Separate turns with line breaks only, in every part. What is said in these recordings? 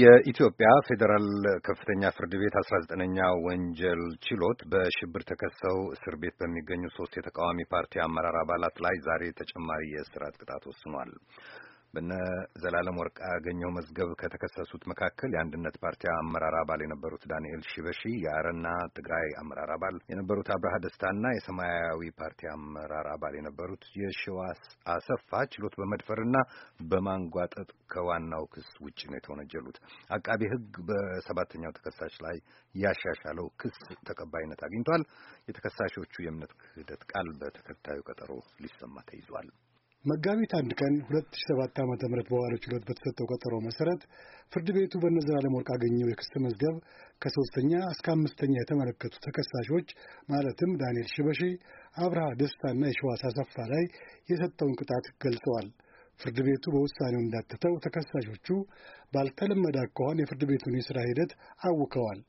የኢትዮጵያ ፌዴራል ከፍተኛ ፍርድ ቤት አስራ ዘጠነኛ ወንጀል ችሎት በሽብር ተከሰው እስር ቤት በሚገኙ ሶስት የተቃዋሚ ፓርቲ አመራር አባላት ላይ ዛሬ ተጨማሪ የእስራት ቅጣት ወስኗል። በነ ዘላለም ወርቅ ያገኘው መዝገብ ከተከሰሱት መካከል የአንድነት ፓርቲ አመራር አባል የነበሩት ዳንኤል ሺበሺ፣ የአረና ትግራይ አመራር አባል የነበሩት አብርሃ ደስታና የሰማያዊ ፓርቲ አመራር አባል የነበሩት የሺዋስ አሰፋ ችሎት በመድፈርና በማንጓጠጥ ከዋናው ክስ ውጭ ነው የተወነጀሉት። አቃቢ ሕግ በሰባተኛው ተከሳሽ ላይ ያሻሻለው ክስ ተቀባይነት አግኝቷል። የተከሳሾቹ የእምነት ክህደት ቃል በተከታዩ ቀጠሮ ሊሰማ ተይዟል።
መጋቢት አንድ ቀን 2007 ዓ.ም በዋለው ችሎት በተሰጠው ቀጠሮ መሠረት ፍርድ ቤቱ በእነ ዘላለም ወርቅአገኘሁ የክስ መዝገብ ከሦስተኛ እስከ አምስተኛ የተመለከቱ ተከሳሾች ማለትም ዳንኤል ሽበሺ፣ አብርሃ ደስታና የሸዋስ አሰፋ ላይ የሰጠውን ቅጣት ገልጸዋል። ፍርድ ቤቱ በውሳኔው እንዳተተው ተከሳሾቹ ባልተለመደ አኳኋን የፍርድ ቤቱን የሥራ ሂደት አውከዋል።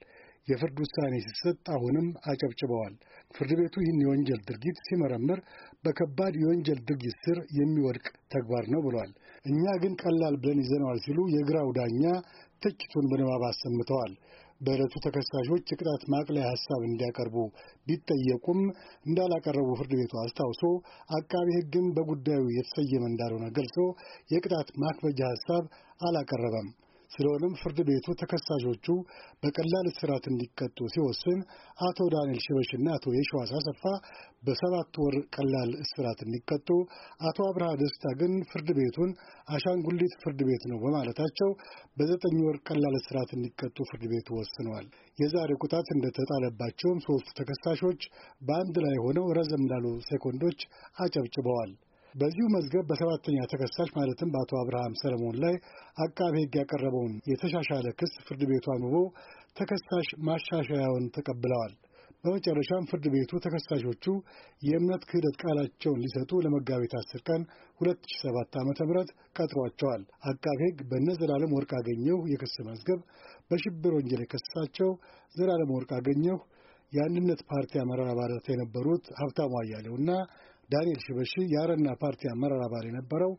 የፍርድ ውሳኔ ሲሰጥ አሁንም አጨብጭበዋል። ፍርድ ቤቱ ይህን የወንጀል ድርጊት ሲመረምር በከባድ የወንጀል ድርጊት ስር የሚወድቅ ተግባር ነው ብሏል። እኛ ግን ቀላል ብለን ይዘነዋል ሲሉ የግራው ዳኛ ትችቱን በንባብ አሰምተዋል። በዕለቱ ተከሳሾች የቅጣት ማቅለያ ሀሳብ እንዲያቀርቡ ቢጠየቁም እንዳላቀረቡ ፍርድ ቤቱ አስታውሶ አቃቢ ሕግም በጉዳዩ የተሰየመ እንዳልሆነ ገልጾ የቅጣት ማክበጃ ሀሳብ አላቀረበም። ስለሆነም ፍርድ ቤቱ ተከሳሾቹ በቀላል እስራት እንዲቀጡ ሲወስን አቶ ዳንኤል ሽበሽና አቶ የሸዋስ አሰፋ በሰባት ወር ቀላል እስራት እንዲቀጡ፣ አቶ አብርሃ ደስታ ግን ፍርድ ቤቱን አሻንጉሊት ፍርድ ቤት ነው በማለታቸው በዘጠኝ ወር ቀላል እስራት እንዲቀጡ ፍርድ ቤቱ ወስነዋል። የዛሬ ቁጣት እንደተጣለባቸውም ሶስቱ ተከሳሾች በአንድ ላይ ሆነው ረዘም ላሉ ሴኮንዶች አጨብጭበዋል። በዚሁ መዝገብ በሰባተኛ ተከሳሽ ማለትም በአቶ አብርሃም ሰለሞን ላይ አቃቤ ሕግ ያቀረበውን የተሻሻለ ክስ ፍርድ ቤቱ አንብቦ ተከሳሽ ማሻሻያውን ተቀብለዋል። በመጨረሻም ፍርድ ቤቱ ተከሳሾቹ የእምነት ክህደት ቃላቸውን ሊሰጡ ለመጋቢት አስር ቀን 2007 ዓ ም ቀጥሯቸዋል። አቃቤ ሕግ በእነ ዘላለም ወርቅ አገኘሁ የክስ መዝገብ በሽብር ወንጀል የከሰሳቸው ዘላለም ወርቅ አገኘሁ፣ የአንድነት ፓርቲ አመራር አባላት የነበሩት ሀብታሙ አያሌውና ዳንኤል ሽበሺ የአረና ፓርቲ አመራር አባል የነበረው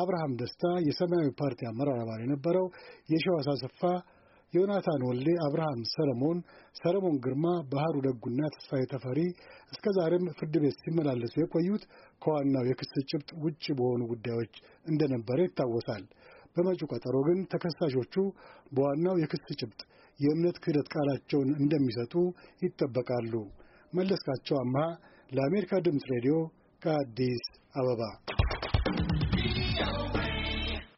አብርሃም ደስታ የሰማያዊ ፓርቲ አመራር አባል የነበረው የሸዋስ አሰፋ ዮናታን ወልዴ፣ አብርሃም ሰለሞን፣ ሰለሞን ግርማ፣ ባህሩ ደጉና ተስፋዬ ተፈሪ እስከ ዛሬም ፍርድ ቤት ሲመላለሱ የቆዩት ከዋናው የክስ ጭብጥ ውጭ በሆኑ ጉዳዮች እንደነበረ ይታወሳል። በመጪው ቀጠሮ ግን ተከሳሾቹ በዋናው የክስ ጭብጥ የእምነት ክህደት ቃላቸውን እንደሚሰጡ ይጠበቃሉ። መለስካቸው አምሃ ለአሜሪካ ድምፅ ሬዲዮ ከአዲስ አበባ